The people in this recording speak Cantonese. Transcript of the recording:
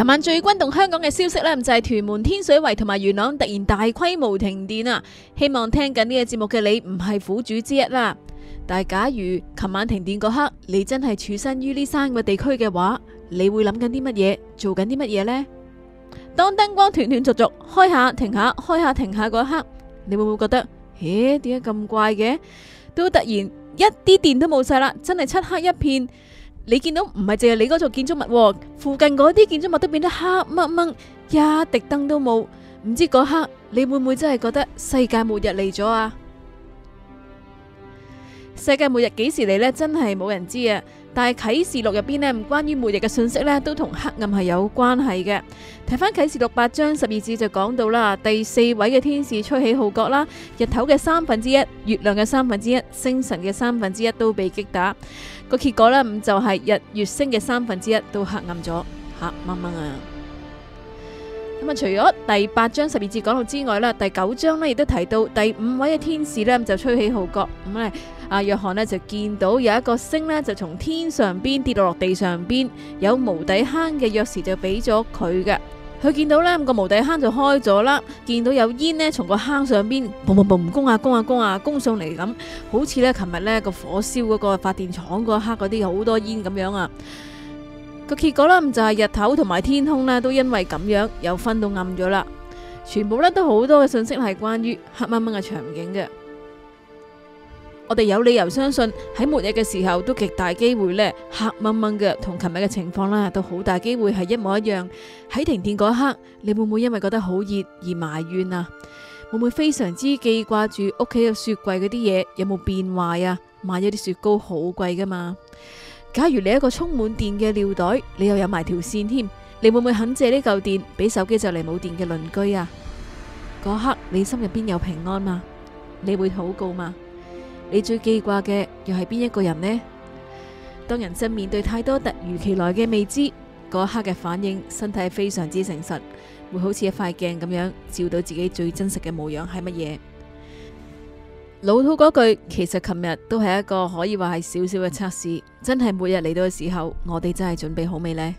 琴晚最轟動香港嘅消息呢，就係屯門天水圍同埋元朗突然大規模停電啊！希望聽緊呢個節目嘅你唔係苦主之一啦。但係假如琴晚停電嗰刻，你真係處身於呢三個地區嘅話，你會諗緊啲乜嘢？做緊啲乜嘢呢？當燈光斷斷續續開下停下開下停下嗰刻，你會唔會覺得？咦，點解咁怪嘅？都突然一啲電都冇晒啦，真係漆黑一片。你見到唔係淨係你嗰座建築物，附近嗰啲建築物都變得黑掹掹，一滴燈都冇，唔知嗰刻你會唔會真係覺得世界末日嚟咗啊？世界末日幾時嚟咧？真係冇人知啊！但係啟示錄入邊咧，唔關於末日嘅信息咧，都同黑暗係有關係嘅。睇翻啟示錄八章十二節就講到啦，第四位嘅天使吹起號角啦，日頭嘅三分之一、月亮嘅三分之一、星辰嘅三分之一都被擊打，個結果咧就係日月星嘅三分之一都黑暗咗，黑掹掹啊！咁啊，除咗第八章十二節講到之外啦，第九章咧亦都提到第五位嘅天使咧，就吹起號角咁啊。阿約翰呢就見到有一個星呢，就從天上邊跌到落地上邊，有無底坑嘅鑰匙就俾咗佢嘅。佢見到呢，個無底坑就開咗啦，見到有煙呢，從個坑上邊，嘭嘭嘭，攻呀攻呀攻呀攻上嚟咁，好似呢，琴日呢個火燒嗰個發電廠嗰刻嗰啲好多煙咁樣啊。個結果呢，就係日頭同埋天空呢，都因為咁樣又分到暗咗啦，全部呢，都好多嘅信息係關於黑掹掹嘅場景嘅。我哋有理由相信喺末日嘅時候都極大機會呢，黑掹掹嘅同琴日嘅情況啦，都好大機會係一模一樣。喺停電嗰一刻，你會唔會因為覺得好熱而埋怨啊？會唔會非常之記掛住屋企嘅雪櫃嗰啲嘢有冇變壞啊？買咗啲雪糕好貴噶嘛？假如你一個充滿電嘅尿袋，你又有埋條線添，你會唔會肯借呢嚿電俾手機就嚟冇電嘅鄰居啊？嗰刻你心入邊有平安嗎？你會禱告嗎？你最記掛嘅又係邊一個人呢？當人生面對太多突如其來嘅未知，嗰刻嘅反應，身體非常之誠實，會好似一塊鏡咁樣，照到自己最真實嘅模樣係乜嘢？老土嗰句，其實琴日都係一個可以話係少少嘅測試，真係每日嚟到嘅時候，我哋真係準備好未呢？